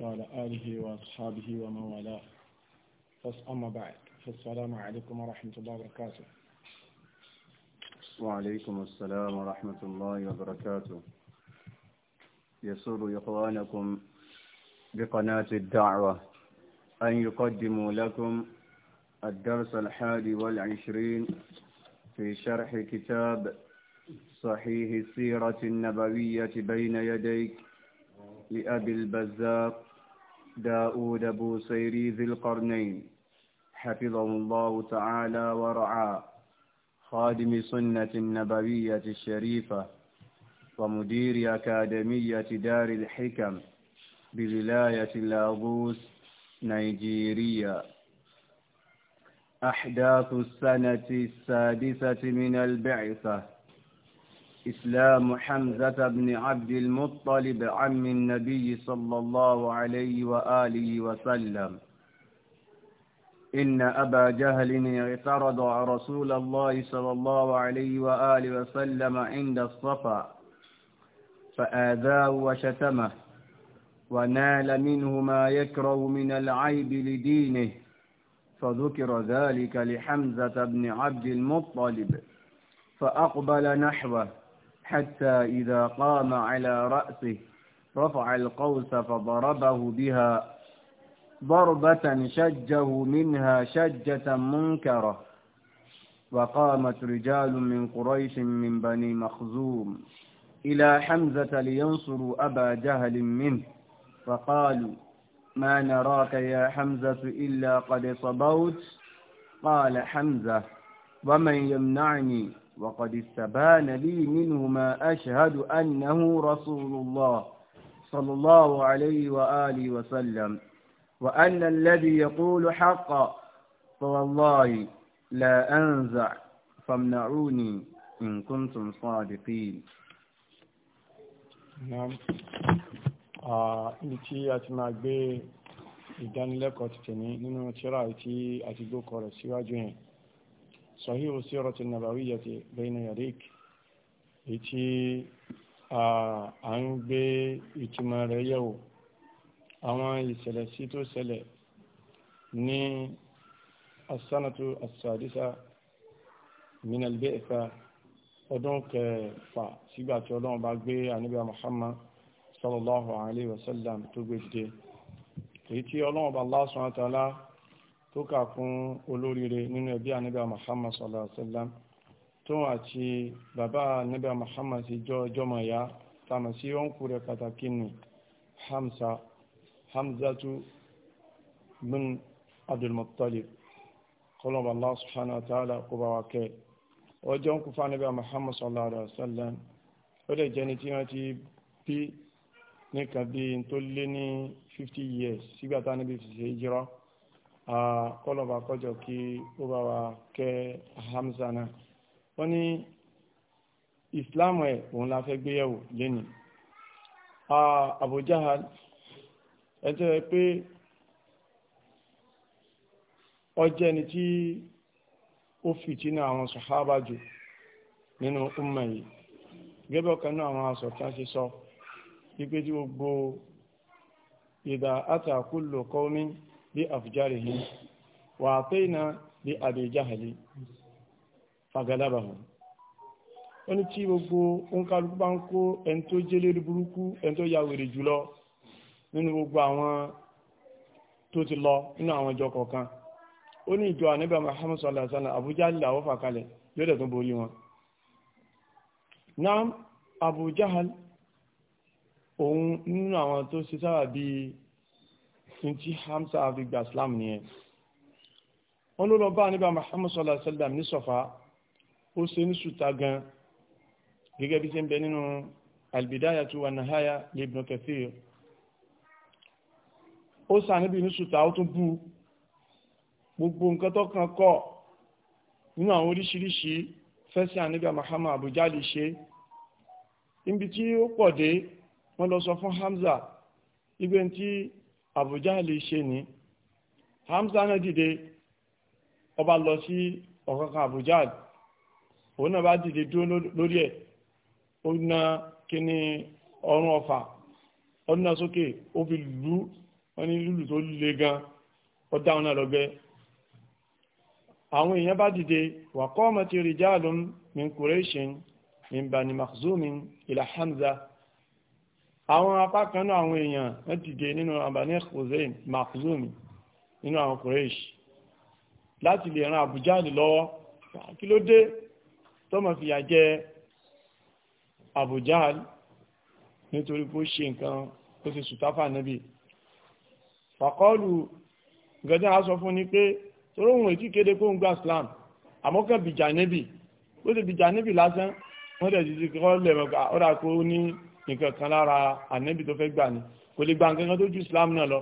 وعلى آله وأصحابه ومن والاه فأما بعد فالسلام عليكم ورحمة الله وبركاته وعليكم السلام ورحمة الله وبركاته يسر إخوانكم بقناة الدعوة أن يقدموا لكم الدرس الحادي والعشرين في شرح كتاب صحيح السيرة النبوية بين يديك لأبي البزاق داود سيري ذي القرنين حفظه الله تعالى ورعاه خادم سنة النبوية الشريفة ومدير أكاديمية دار الحكم بولاية لاغوس نيجيريا أحداث السنة السادسة من البعثة إسلام حمزة بن عبد المطلب عم النبي صلى الله عليه وآله وسلم إن أبا جهل اعترض على رسول الله صلى الله عليه وآله وسلم عند الصفا فآذاه وشتمه ونال منه ما يكره من العيب لدينه فذكر ذلك لحمزة بن عبد المطلب فأقبل نحوه حتى إذا قام على رأسه رفع القوس فضربه بها ضربة شجه منها شجة منكرة وقامت رجال من قريش من بني مخزوم إلى حمزة لينصروا أبا جهل منه فقالوا ما نراك يا حمزة إلا قد صبوت قال حمزة ومن يمنعني وقد استبان لي منه ما أشهد أنه رسول الله صلى الله عليه وآله وسلم وأن الذي يقول حقا فوالله لا أنزع فامنعوني إن كنتم صادقين نعم ibi tí a ti máa gbé ìdánilẹ́kọ̀ọ́ ti tẹ̀ ní nínú صحيح السيرة النبوية بين يديك ìtí à ń gbé ìtumọ̀ rẹ̀ yẹ̀wò àwọn ìṣẹ̀lẹ̀ sí tó ṣẹlẹ̀ ní asánàtú asàdísà minalbe ẹ̀ka ọdún kẹfà sígbà tí ọlọ́run bá gbé àníbà Muhammad sallallahu alaihi wasallam tó gbé dìde èyí tí ọlọ́run bá Allah subhanahu wa ta'ala tó kà fún olóríire nínú ẹbí ànábì Muhammad sallallahu alaihi wasallam tóun àti bàbá ànábì Muhammad sí jọ ọjọ́mọ̀ ya tàmà sí ọ̀nkù rẹ̀ pàtàkì ní Hamza Hamzatu bin Abdul Muttalib kọlọ̀bà Allah subhanahu wa ta'ala kó bá wa kẹ́ ọjọ́ ń kú fún ànábì Muhammad sallallahu alaihi wasallam ó lè jẹ́ni tí wọ́n ti bí nìkan bí tó lé ní 50 years sígbà tá níbi fi ṣe jírọ́ kọlọ̀bà kọjọ kí ó bá wa kẹ́ Hamza náà wọ́n ní ìsìláàmù ẹ̀ òun la fẹ́ gbéyẹ̀wò lẹ́nìí Abu Jahal ẹjọ́ ẹ pé ọjọ́ ẹni tí ó fìtínà àwọn sàhábà jù nínú umma yìí gẹ́gẹ́ ọ̀kan náà àwọn asọ̀tán ṣe sọ wípé tí gbogbo ìdá àtàkùlò qawmin بأفجارهم وأعطينا بأبي جهل فغلبهم ẹni tí gbogbo òǹkàlùkù bá ń kó ẹni tó jẹ́ lérí burúkú ẹni tó ya wèrè jùlọ nínú gbogbo àwọn tó ti lọ nínú àwọn ìjọ kọ̀ọ̀kan ó ní ìjọ àníbà Muhammad sallallahu alaihi wasallam Abu Jahl làwọ́ fà yóò dẹ̀ tó borí wọn náà Abu òun nínú àwọn tó ṣe sábà bíi tí Hamza fi gba Islam nìyẹn wọ́n ló lọ bá níbà Muhammad sallallahu alaihi wasallam ní sọ̀fà ó ṣe ní sùtà gan gẹ́gẹ́ bí ṣe ń bẹ nínú albidaya tó wà nahaya lè Ibn Kathir ó sà níbi ní sùtà ó tún bú gbogbo nǹkan tó kàn kọ́ nínú àwọn oríṣiríṣi fẹ́sẹ̀ àníbà Muhammad Abuja lè ṣe níbi tí ó pọ̀ dé wọ́n lọ sọ fún Hamza ibẹ̀ tí àbújáàlì ṣe ní hamza náà dìde ọba lọ sí ọ̀kankan àbújáàlì òun náà bá dìde dúró lórí ẹ̀ ó na kíní ọrùn ọfà ó na sókè ó fi lù wọ́n ní lùlù tó le gan ó dáhùn náà lọ́gbẹ́ àwọn èèyàn bá dìde wà ọmọ ti rìjáàlùm min Qurayshin min Bani Makhzumin ila Hamza àwọn apá kan náà àwọn èèyàn wọ́n dìde nínú abani hussein makhzumi nínú àwọn Quraysh láti lè ran Abu Jahl lọ́wọ́ kí ló dé tọ́mọ̀ fìyà jẹ Abu Jahl nítorí pé ó ṣe nǹkan ó ṣe sùtáfà níbi fàkọ́ọ̀lù gẹ́gẹ́ a sọ fún ni pé torí òun ètí kéde kó ń gba Islam àmọ́kàn bìjà níbi ó ti bìjà níbi lásán wọ́n tẹ̀ nǹkan kan lára ànábì tó fẹ́ gbà ni kò lè gba nǹkan kan tó ju islam náà lọ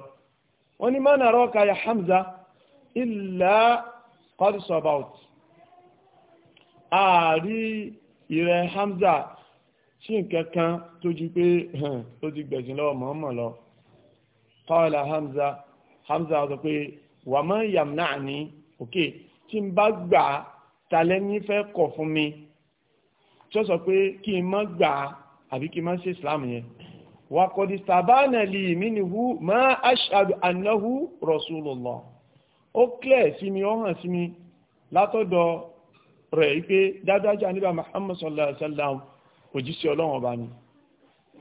wọ́n ní mọ́nà rọ́ ka ya hamza illa qad sabaut ààrí ìrẹ̀ hamza sí nǹkan kan tó ju pé ó ti gbẹ̀sìn lọ́wọ́ mọ́mọ́ lọ qala hamza hamza sọ pé wà má yamna'ni òkè tí n bá gbà talẹ́ ní fẹ́ kọ̀ fún mi tí ó sọ pé kí n má gbà á àbí kí má ṣe islam yẹn wà kọ̀dí sàbánà lè mínihú má aṣàdù annahu rasulullah ó kílẹ̀ sí mi ó hàn sí mi látọ̀dọ̀ rẹ̀ wípé dájájá níbà muhammad sallallahu alaihi wasallam òjíṣẹ́ ọlọ́run ọba ni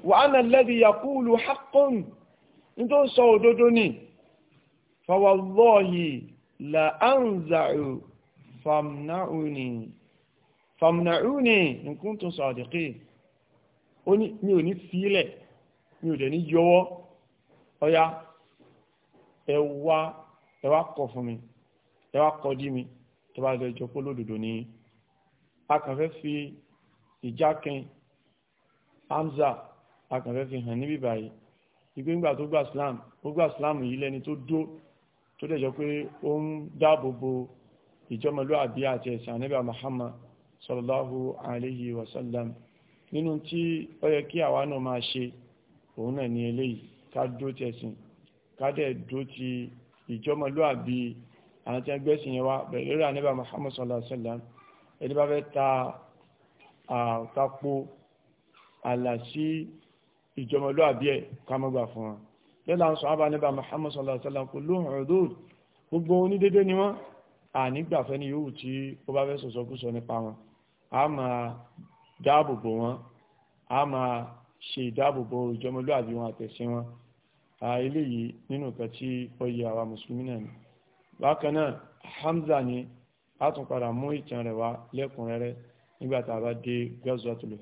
wà á nà lẹ́bi yakulu haqqun nítorí sọ òdodo ni fawallahi la anza'u famna'uni famna'uni in kuntum sadiqin ó ní mi ò ní sílẹ̀ mi ò dẹ̀ ní yọwọ́ ọ̀yá ẹ wá kọ fún mi ẹ wá kọ dí mi tó bá lọ jọ pé lódodo ni a kàn fẹ́ fi ìjákin Hamza a kàn fẹ́ fi hàn níbí báyìí ìgbé ńgbà tó gba Islam ó gba Islam yìí lẹ́ni tó dó tó dẹ̀ jọ pé ó ń dáàbò ìjọmọlúàbí àti ẹ̀sìn ànábì Muhammad sallallahu alayhi wa sallam nínú tí ó yẹ kí àwa náà máa ṣe òun náà ní eléyìí ká dúró ti ẹ̀sìn ká dẹ̀ dúró ti ìjọmọlúàbí àwọn tí wọ́n gbẹ́sìn yẹn wá bẹ̀rẹ̀ lórí àníbà Muhammad sallallahu alaihi wasallam ẹni bá fẹ́ ta àtakò àlà sí ìjọmọlúàbí ẹ̀ ká má gbà fún wọn lẹ́la ń sọ ábá níbà Muhammad sallallahu alaihi wasallam kò lóhùn ọ̀dọ́ gbogbo onídédé dáàbòbò wọn a máa ṣe ìdáàbòbò ìjọmọlúàbí wọn àtẹ̀sìn wọn eléyìí nínú nǹkan tí ó yẹ àwa mùsùlùmí náà ni bákan náà Hamza ni a tún padà mú ìtàn rẹ̀ wá lẹ́kùnrẹ́rẹ́ nígbà tá a bá dé Ghazwatul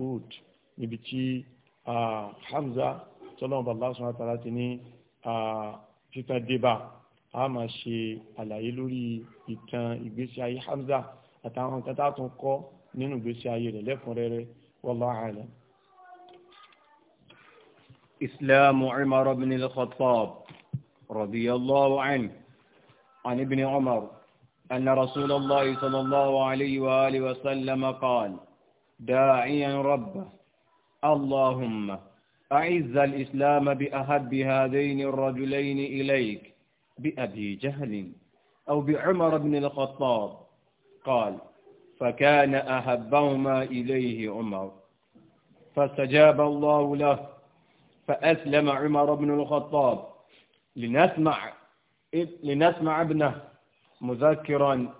Uhud níbi tí Hamza tọ́lọ́mù bàbá sùn àtàrà ti ní títàn débà a máa ṣe àlàyé lórí ìtàn ìgbésí ayé Hamza àtàwọn nǹkan tá a tún kọ́ nínú ìgbésí ayé rẹ̀ lẹ́kùnrẹ́rẹ́ wallahu إسلام عمر بن الخطاب رضي الله عنه عن ابن عمر أن رسول الله صلى الله عليه وآله وسلم قال داعيا ربه اللهم أعز الإسلام بأهب هذين الرجلين إليك بأبي جهل أو بعمر بن الخطاب قال فكان أحبهما إليه عمر فاستجاب الله له فأسلم عمر بن الخطاب لنسمع لنسمع ابنه مذكرا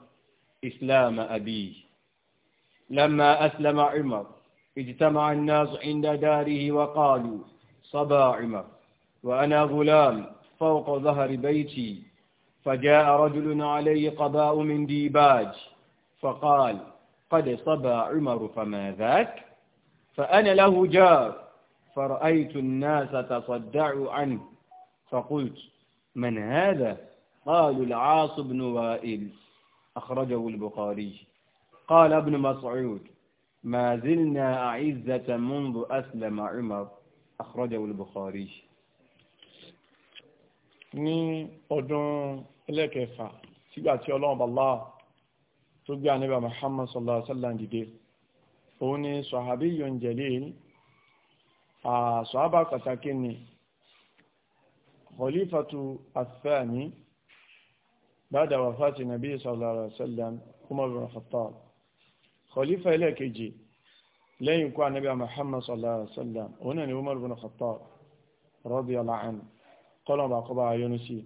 إسلام أبيه لما أسلم عمر اجتمع الناس عند داره وقالوا صبا عمر وأنا غلام فوق ظهر بيتي فجاء رجل عليه قباء من ديباج فقال قد صبى عمر فما ذاك فأنا له جار فرأيت الناس تصدعوا عنه فقلت من هذا قالوا العاص بن وائل أخرجه البخاري قال ابن مسعود ما زلنا أعزة منذ أسلم عمر أخرجه البخاري ní ọdún ẹlẹ́kẹfà sígbà tí ọlọ́run bàlá tó gbé ànábì Muhammad sallallahu alaihi wasallam dìde òun ni sọ̀hábí yọ̀njẹ̀lẹ́ sọ̀hábà pàtàkì ni khalifatu athani bada wafati nabi sallallahu alaihi wasallam Umar bin Khattab khalifa ẹlẹ́ẹ̀kejì lẹ́yìn kú ànábì Muhammad sallallahu alaihi wasallam òun ni Umar bin Khattab radiyallahu anhu kọ́lọ̀ bá kọ́ bá yọnu sí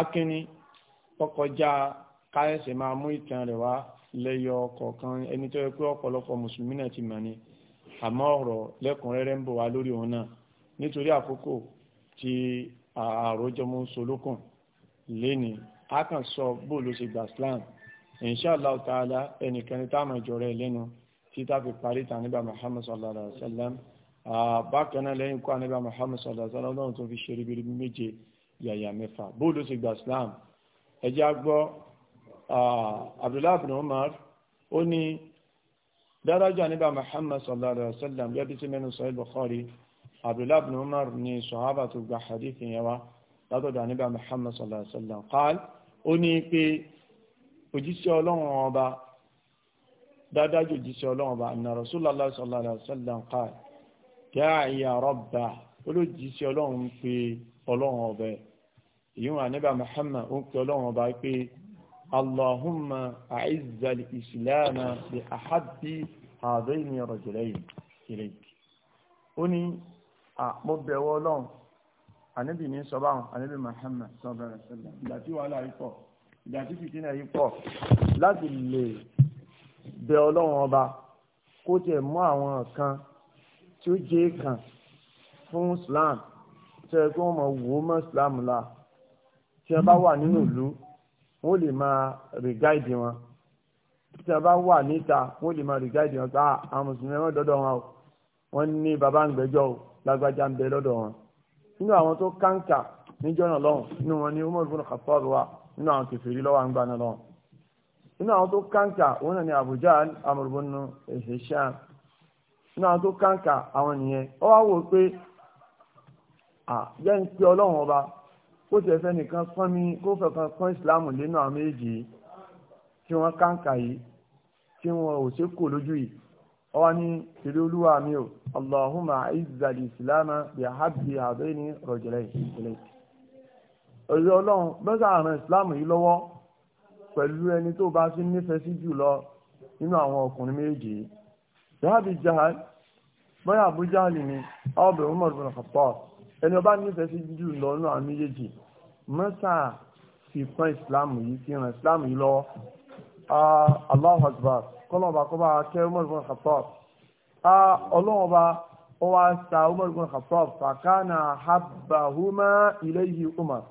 akínni ọkọjá káyọ̀sẹ̀ máa mú ìtàn rẹ̀ wá lẹ́yọ kọ̀ọ̀kan ẹni tó yẹ pé ọ̀pọ̀lọpọ̀ mùsùlùmí náà ti mọ̀ ni àmọ́ ọ̀rọ̀ lẹ́kùnrẹ́rẹ́ ń bọ̀ wá lórí òun náà nítorí àkókò tí àròjọmọ́ ń solókùn lénìí a kàn sọ bó ló ṣe gbà slam inshallah ta'ala ẹnìkan ní táwọn ìjọ rẹ̀ lẹ́nu tí tá fi parí ta nígbà muhammad sallallahu alayhi wa sallam bákan náà lẹ́yìn kó àníbà muhammad sallallahu alayhi wa sallam lọ́run tó fi ṣe ribiribi méje yàyà mẹ́fà bó ló ṣe gbà slam ẹjẹ́ á gbọ́ Ah, abdullahi bin umar ó ní dárájà níbà muhammad sallallahu alaihi wa sallam gẹ́gẹ́ tí mẹ́nu sọ Bukhari abdullahi bin umar ní sọ̀hábà tó gba hadith yẹn wá látọ̀dọ̀ níbà muhammad sallallahu alaihi wa sallam qal ó ní pé òjíṣẹ́ ọlọ́run ọba dádájú òjíṣẹ́ ọlọ́run ọba anna rasulullah sallallahu alaihi wa sallam qal da'iya rabba olójíṣẹ́ اللهم أعز الإسلام بأحب هذين الرجلين إليك ó ní mo bẹ̀wọ̀ ọlọ́run ànábì ní sọ báwọn ànábì Muhammad sallallahu alaihi wasallam ìgbà tí wàhálà yìí pọ̀ ìgbà tí fìtínà yìí pọ̀ láti lè bẹ̀ ọlọ́run ọba kó tiẹ̀ mú àwọn kan tí ó jẹ́ kan fún Islam tẹ́ ẹ kí wọ́n mọ̀ wò ó mọ́ Islam la tí ẹ bá wà nínú ìlú wọ́n lè máa rìgáìdì wọn tí a bá wà níta wọ́n lè máa rìgáìdì wọn pé ah, àwọn mùsùlùmí wọn dọ́dọ̀ wọn o wọ́n ní bàbá àgbẹ̀jọ́ o lágbájá ń bẹ lọ́dọ̀ wọn nínú àwọn tó káńkà níjọ́ náà lọ́hùn nínú wọn ni Umar ibn Khattab wà nínú àwọn kẹfìrí lọ́wọ́ àgbà náà lọ́hùn nínú àwọn tó káńkà òun náà ni Abu Jahl Amr ibn Hisham nínú àwọn tó káńkà àwọn nìyẹn ó wá kó tẹ̀ fẹ́ nìkan pọ́n mi kó fẹ̀kan pọ́n ìsìláàmù lẹ́nu àwọn méjì tí wọ́n kàǹkà yìí tí wọ́n ò ṣe kò lójú yìí ọwọ́ ní tèrè olúwa mi ò allahumma izzali ìsìláàmù bí ahabi àbẹ́ni rọ̀jẹ̀lẹ̀ ìsìlẹ̀ òye ọlọ́run bẹ́sẹ̀ àrùn ìsìláàmù yìí lọ́wọ́ pẹ̀lú ẹni tó bá lọ nínú àwọn ọkùnrin méjì yìí abu ni umar bin ẹni ọba nífẹ̀ẹ́ sí jù lọ́nà àwọn méjèèjì mọ́sà fi pọ́n ìsìláàmù yìí fi ràn ìsìláàmù yìí lọ́wọ́ Allahu Akbar kọ́lọ́ọ̀bá kọ́ba kẹ́ Umar ibn Khattab ọlọ́ọ̀bá ó wá sa Umar ibn Khattab fàkánà habbahuma ilayhi Umar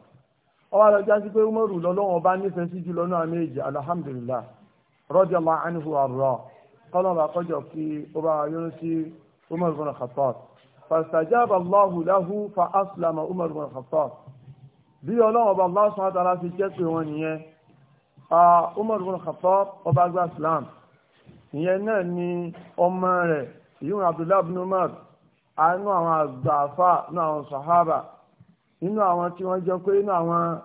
ó wá lọ jásí pé Umar lọ́lọ́ọ̀bá nífẹ̀ẹ́ sí jù lọ́nà àwọn méjèèjì alhamdulillah radiyallahu anhu àrùrọ̀ kọ́lọ́ọ̀bá kọjọ kí ó bá yọrọ sí Umar ibn Khattab fastajaba Allahu lahu fa aslama Umar ibn Khattab bí ọlọ́wọ́ bá Allah subhanahu wa ta'ala fi jẹ́ pé wọn nìyẹn Umar ibn Khattab ọba gba Islam ìyẹn náà ni ọmọ rẹ̀ ìyún Abdullahi ibn Umar àánú àwọn àgbààfà náà àwọn sàhábà inú àwọn tí wọ́n jẹ́ pé inú àwọn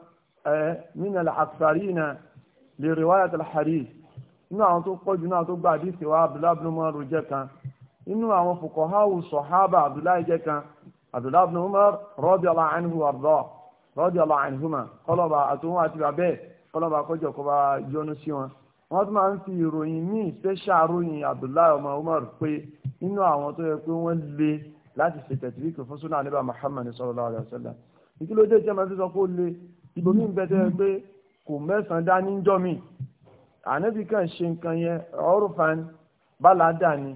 ẹ̀ min al-aktharina li riwayat al-hadith inú àwọn tó pọ̀jù náà tó gba àdìsí wa Abdullahi ibn Umar jẹ́ kan nínú àwọn fuqaha'u sahaba abdullahi jẹ́ kan abdullahi ibn umar radiyallahu anhu arda radiyallahu anhuma kọlọ́ba àtòwọn àti bàbẹ́ kọlọ́ba kọjọ kọba jọnu sí wọn wọ́n tún máa ń fi ìròyìn míì special ròyìn abdullahi ọmọ umar pé nínú àwọn tó yẹ pé wọ́n le láti ṣe tẹ̀tìríkì fún súnà níbà muhammad sallallahu alaihi wasallam ìkílódé tí a máa fi sọ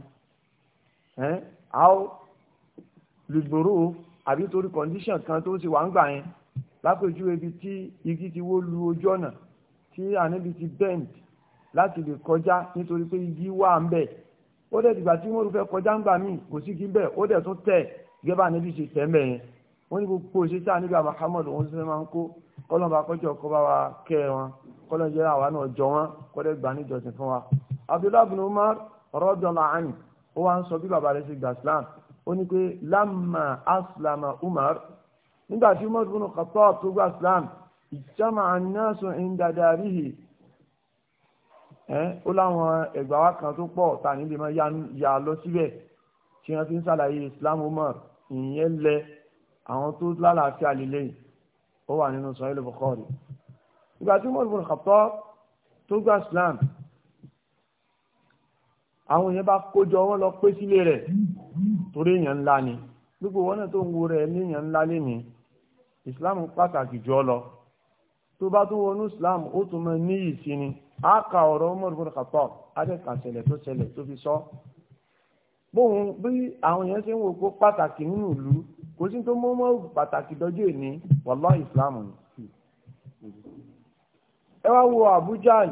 àwọn lùgbòrò àbí torí condition kan tó ti wà ń gbà yẹn lápèjúwe ibi tí igi ti wó lu ojú ọ̀nà tí ànábi ti bend láti lè kọjá nítorí pé igi wà ń bẹ̀ ó dẹ̀ dìgbà tí wọ́n fẹ́ kọjá ń gbà míì kò sí igi bẹ́ẹ̀ ó dẹ̀ tún tẹ̀ gẹ́gẹ́ ànábi ṣe tẹ̀ mẹ́yẹn wọ́n ní gbogbo òṣìṣẹ́ ànábi Muhammad òun sì máa ń kó kọ́lọ́n bá kọ́jọ́ kọ́ bá wa kẹ́ wọn kọ́lọ́n jẹ́ àwa náà jọ wọn kọ́lẹ́ gbà níjọsìn fún wa Abdullahi bin Umar radiyallahu anhu ó wá ń sọ bí bàbá rẹ̀ ṣe gbà islam ó ní pé lamma aslama umar nígbà tí umar bin khattab tó gbà islam ìjọba anáṣọ ìdádàríhì ó láwọn ẹgbà wa kan tó pọ̀ ta níbi mọ́ ya lọ síbẹ̀ tí wọ́n ti ń ṣàlàyé islam umar ìyẹn lẹ àwọn tó lálàáfíà lélẹ́yìn ó wà nínú sọ́yìn lọ́bọ̀kọ́rì ìgbà tí umar bin khattab tó gbà islam àwọn èèyàn bá kójọ wọn lọ pé sílé rẹ̀ torí èèyàn ńlá ni gbogbo wọn náà tó ń wo rẹ̀ ní èèyàn ńlá lémi islam pàtàkì jọ lọ tó bá tún wọnú islam ó tún mọ níyì sí ni a ka ọ̀rọ̀ Umar ibn Khattab adẹ́kàṣẹlẹ̀ tó ṣẹlẹ̀ tó fi sọ bóun bí àwọn èèyàn ṣe ń wò kó pàtàkì nínú ìlú kò sí tó mọ́mọ́ pàtàkì dọ́jú èní wallahi islam ni ẹ wá wo Abu Jahl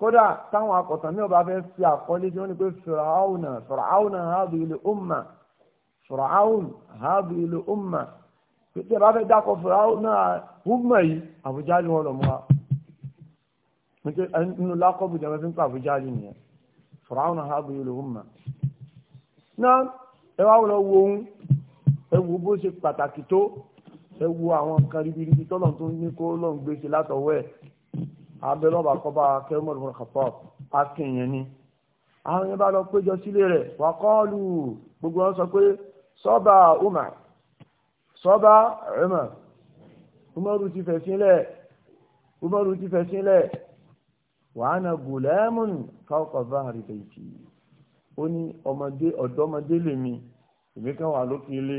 kódà táwọn akọ̀tàn ní ọba fẹ́ fi àkọlé tí wọ́n ní pé fìràáùnà fìràáùnà hábì ilé umma fìràáùn hábì ilé umma pété bá fẹ́ dákọ̀ fìràáùnà umma yìí àbújá ni wọ́n lọ mú wa nínú lákọ̀bù jẹ́ fẹ́ ń àbújá ni nìyẹn ilé náà ẹ wá wo ohun ẹ wo bó ṣe pàtàkì tó ẹ wo àwọn ribiribi tọ́lọ̀ tó ní kó lọ́n abẹ́lọ́ba kọba kẹrìmọ́rù fún kàpọ̀ akẹ́yẹn ni àwọn yẹn bá lọ péjọ sílé rẹ̀ wà kọ́ọ̀lù gbogbo wọn sọ pé sọ́ba umar sọ́ba umar umaru ti fẹ̀ sílẹ̀ umaru ti fẹ̀ sílẹ̀ wàá na gùlẹ́mùn káwọ́kọ̀ bá ó ní ọmọdé ọ̀dọ́mọdé lèmi èmi wà lókè ilé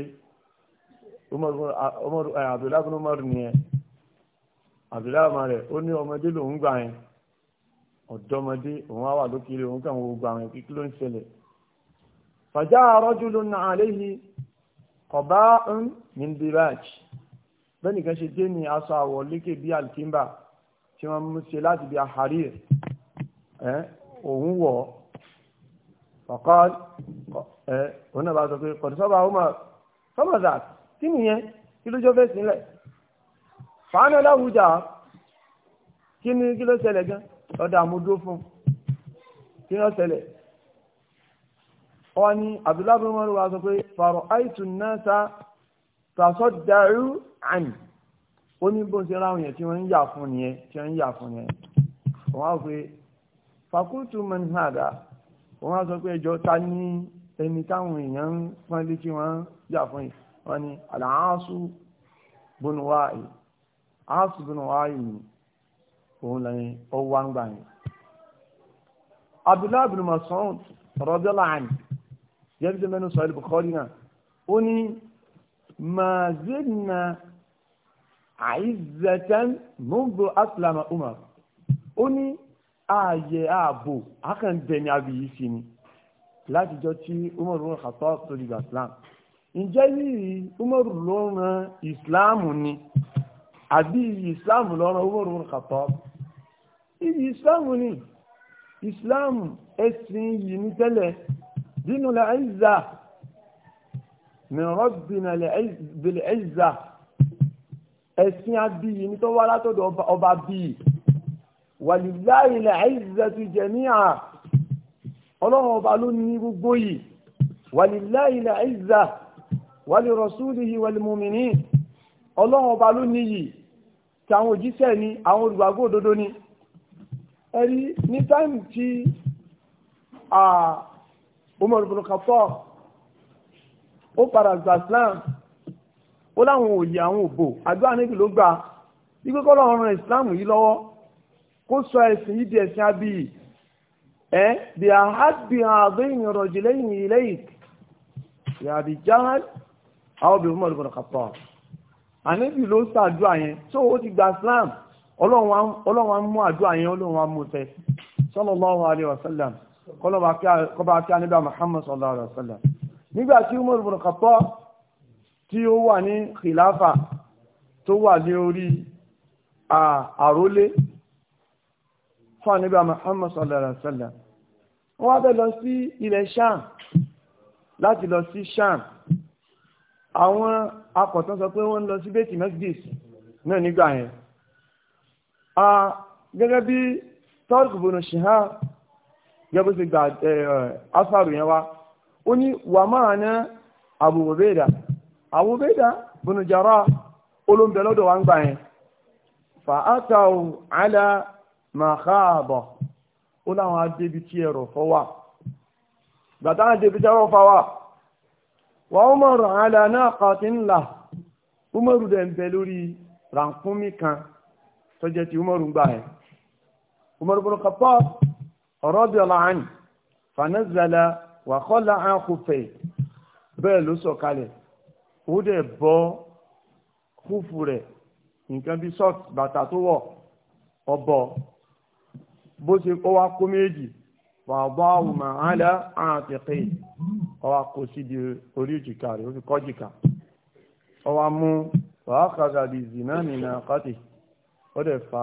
umaru abdullahi umaru nìyẹn àbíláàmà rẹ̀ ó ní ọmọdé lòún gbà yẹn ọ̀dọ́mọdé òun á wà lókèrè òun kàn wọ́n gbà yẹn kíkí ló ń ṣẹlẹ̀ fàjá rajulun alayhi qaba'un min diraj bẹ́ẹ̀ni kan ṣe dé ní aṣọ àwọ̀ lékè bí alkimba tí wọ́n mú ṣe láti bí àhárír ẹ̀ òun wọ̀ ọ̀kọ́ ẹ̀ òun náà bá sọ pé kọ̀dùsọ́bà ó máa kí nìyẹn kí ló jọ fẹ́ sílẹ̀ fàánà láwùjá kí ni kí ló ṣẹlẹ̀ gan ọ̀dà àmúdó fún kí ló ṣẹlẹ̀ wọ́n ni abdullahi mọ́rù wa sọ pé fàrọ̀ àìsùn náà sa tàṣọ́ dàrú àmì ó ní bó ń ṣe ráhùn yẹn tí wọ́n ń yà fún nìyẹn tí wọ́n ń yà fún nìyẹn wọ́n á pé fakultu manhada wọ́n á sọ pé ẹjọ́ ta ní ẹni táwọn èèyàn ń pọ́n lé wọ́n yà fún yìí wọ́n ni àlàáṣù bónúwáì áàsù bínú wáyé òun lẹ́yìn ó wá ń gbà yẹn abdullahi bin masoud radiyallahu anhu yẹ́bi tẹ́ mẹ́nu sọ̀rọ̀ Bukhari náà ó ní mazidna àìzẹ̀tẹ́n mọ́gbọ́ aslama umar ó ní ààyè ààbò akàndẹ̀ni àbíyí sí ni látijọ́ tí umar bin Khattab tó di islam ǹjẹ́ yìí umar ló ran islam ni àbí iyì islam lọ́rọ̀ Umar ibn Khattab iyì islam ni islam ẹ̀sìn yìí ní tẹ́lẹ̀ dínú la ẹ̀zà min rabbina bil ẹ̀zà ẹ̀sìn abíyì ní tó wá látọ̀dọ̀ ọba bíyì walillahi la izzatu jami'a ọlọ́run ọba ló ní gbogbo yìí walillahi la izza wa li rasulihi wal mu'minin ọlọ́run ọba ló níyì tí àwọn òjíṣẹ́ ni àwọn olùgbàgbọ́ òdodo ni ẹ̀rí ní táìmù tí Umar ibn Khattab ó padà gba Islam ó láwọn òye àwọn òbò àdúrà níbi ló gbà wípé kọ́ lọ́run ran Islam yìí lọ́wọ́ kó sọ ẹ̀sìn yìí di ẹ̀sìn abíyì ẹ̀ bí àhábì àdéhìn rọ̀jìlẹ́yìn ilé ìk yàbí Jahal àwọn obìnrin Umar ibn Khattab ànábì ló ṣàdúrà yẹn tó ó ti gba islam ọlọ́run á mú àdúrà yẹn ọlọ́run á mú tẹ sallallahu alaihi wasallam kọba kí ànábì muhammad sallallahu alaihi wasallam nígbà tí umar bin khattab tí ó wà ní khilafa tó wà ní orí àrólé fún ànábì muhammad sallallahu alaihi wasallam wọ́n wá bẹ́ lọ sí ilẹ̀ sham láti lọ sí sham àwọn akọ̀tán sọ pé wọ́n ń lọ sí bẹ́ẹ̀tì mẹ́sìdìs náà nígbà yẹn gẹ́gẹ́ bí tọ́ọ̀kù bọ̀nà ṣìhá gẹ́gẹ́ sí gbà asáàrù yẹn wá ó ní wà máa ná Abu Ubaida Abu Ubaida jàrá olóńbẹ lọ́dọ̀ wa ń gbà yẹn fa atawu ala makhaba ó láwọn adébi tí ẹ̀rọ fọ́ wà gbàtà adébi wà Umar ala naqatin lah Umaru dẹ̀ ń bẹ lórí rànkúnmí kan tó jẹ́ ti Umaru gbà ẹ̀ Umaru ibn Khattab radiyallahu anhu fanazala wa khala'a khuffay bẹ́ẹ̀ ló sọ̀kalẹ̀ ó dẹ̀ bọ́ kúfù rẹ̀ nǹkan bí sọ́ọ̀tì bàtà tó wọ̀ ọbọ̀ bó ṣe kó wá kó méjì wà bá àwùmọ̀ àlẹ́ àtẹ̀kẹ́ ọwọ́ kó síbi orí ìjìká rẹ̀ ó fi kọ́jìká ọwọ́ mú wàhákàdà bíi zina nìyà kàtì ó dẹ̀ fa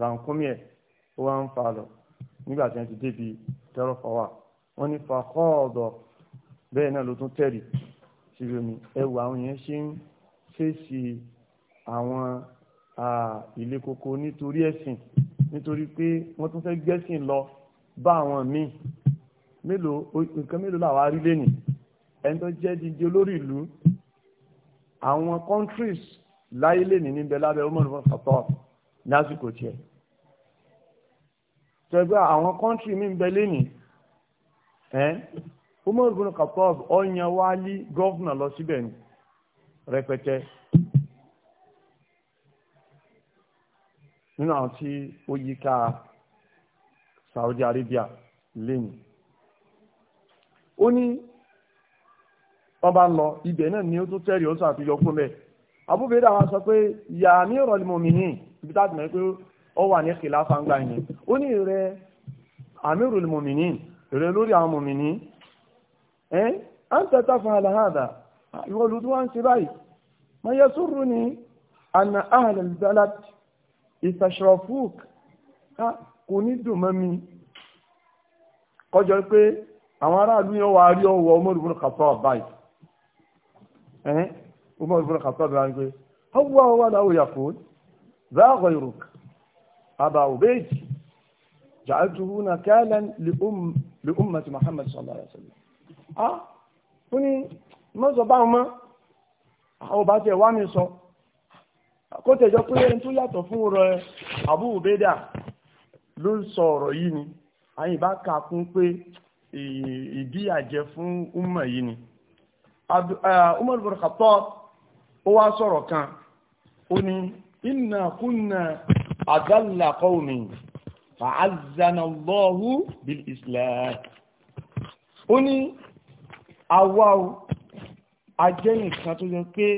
rànkúmí ẹ̀ ó wá ń fa lọ nígbà tí wọ́n ti débi tẹ́rọ̀fọ́wà wọ́n ní fa kọ́ọ̀dọ̀ bẹ́ẹ̀ náà ló tún tẹ̀rì síbi omi ẹwù àwọn yẹn ṣe ń fèsì àwọn ilé koko nítorí ẹ̀sìn nítorí pé wọ́n tún fẹ́ gbẹ́sìn lọ bá àwọn míì mélòó nǹkan mélòó làwọn arí lẹ́yìn ẹni tó jẹ́ dídí olórí ìlú àwọn countries láyé lẹ́yìn níbẹ̀ lábẹ́ Umar ibn Khattab ní àsìkò tiẹ̀ tẹ́gbẹ́ àwọn country mi ń bẹ lẹ́yìn ẹ́ Umar ibn Khattab ọ̀yàn wálí gọ́vnà lọ síbẹ̀ ni rẹpẹtẹ nínú àwọn tí ó yíká Saudi Arabia lẹ́yìn ó ní wọ́n bá ń lọ ibẹ̀ náà ni ó tún tẹ́rì ó sàn àfihàn fún bẹ́ẹ̀ abúbẹ̀rẹ̀ àwọn sọ pé ìyá ní ọ̀rọ̀ mọ̀mìnì ibi tá a ti mọ̀ pé ó wà ní kìláfà ń gbà yẹn ó ní rẹ àmírùl mọ̀mìnì rẹ lórí àwọn mọ̀mìnì ẹ́ à ń tẹ́tà fún aláhàdà ìwọ lu tí ń ṣe báyìí mà yẹ sùúrù ni àna àhàlẹ̀ balad ìtàṣọ̀fúk ah, kò ní dùn mọ́ mi kọjọ pé àwọn aráàlú yóò wá rí ọwọ́ Umar ibn Khattab báyìí ẹ̀hìn Umar ibn Khattab báyìí pé ọwọ́ ọwọ́ aláwọ̀ yàfó záàgọ̀ ìrùk àbà òbéèjì jàdùrú na kẹ́lẹ́n lè ummati Muhammad sallallahu alaihi wasallam ah ó ní mọ́sọ̀ bá wọn àwọn bá tẹ̀ wá mi sọ kó tẹ̀jọ pé ẹni tó yàtọ̀ fún rẹ Abu Ubeda ló sọ ọ̀rọ̀ yìí ni àyìnbá kà kún pé ìdíyàjẹ fún umma yìí ni umar bin khattab ó wá sọ̀rọ̀ kan ó ní inna kunna adalla qawmin fa'azzana Allahu bil islam ó ní àwa a jẹ́ tó yẹ pé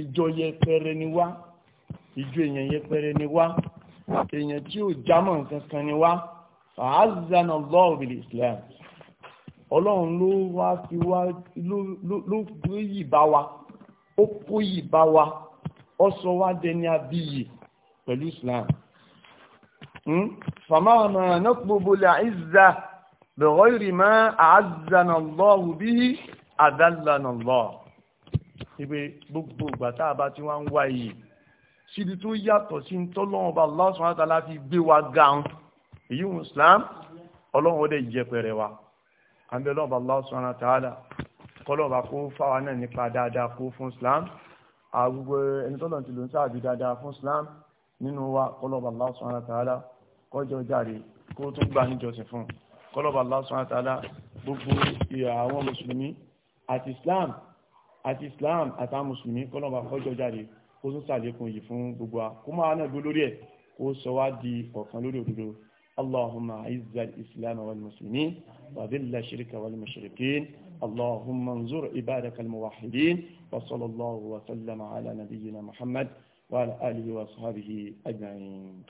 ìjọ yẹpẹrẹ ni wá ìjọ èèyàn yẹpẹrẹ ni wá èèyàn tí ò jámọ́ nǹkan kan ni wá àázànà lọ́wọ́ bìlì islam ọlọ́run ló wá fi wá ló yìí bá wa ó kó yìí bá wa ó sọ wá dẹni abiyì pẹ̀lú islam fàmáàmà nọ́pọ̀bọ̀lẹ̀ àìzà bẹ̀rọ ìrìmọ́ àázànà lọ́wọ́ bí àdálànà lọ́wọ́ ìpè gbogbo ìgbà tá a bá ti wá ń wá yìí síbi tó yàtọ̀ sí ń tọ́lọ́wọ́ bá lọ́sàn àtàlá fi gbé wa gan èyí ń islam ọlọ́run ó dẹ̀ jẹ pẹ̀rẹ̀ wa àbẹ̀lọ́ba Allah subhanahu wa ta'ala kọlọ́ba kó fáwa náà nípa dáadáa kó fún islam àgbogbo ẹni tọ́lọ̀ ti lò ń sáàbí dáadáa fún islam nínú wa kọlọ́ba Allah subhanahu wa ta'ala kọjọ jáde kó tún gbà níjọsìn fún kọlọ́ba Allah subhanahu gbogbo ìhà mùsùlùmí àti islam àti islam àtàwọn mùsùlùmí kọlọ́ba kọjọ jáde kó tún sàlékún yìí fún gbogbo wa kó máa náà gbó lórí اللهم عز الإسلام والمسلمين وذل الشرك والمشركين اللهم انظر عبادك الموحدين وصلى الله وسلم على نبينا محمد وعلى آله وصحبه أجمعين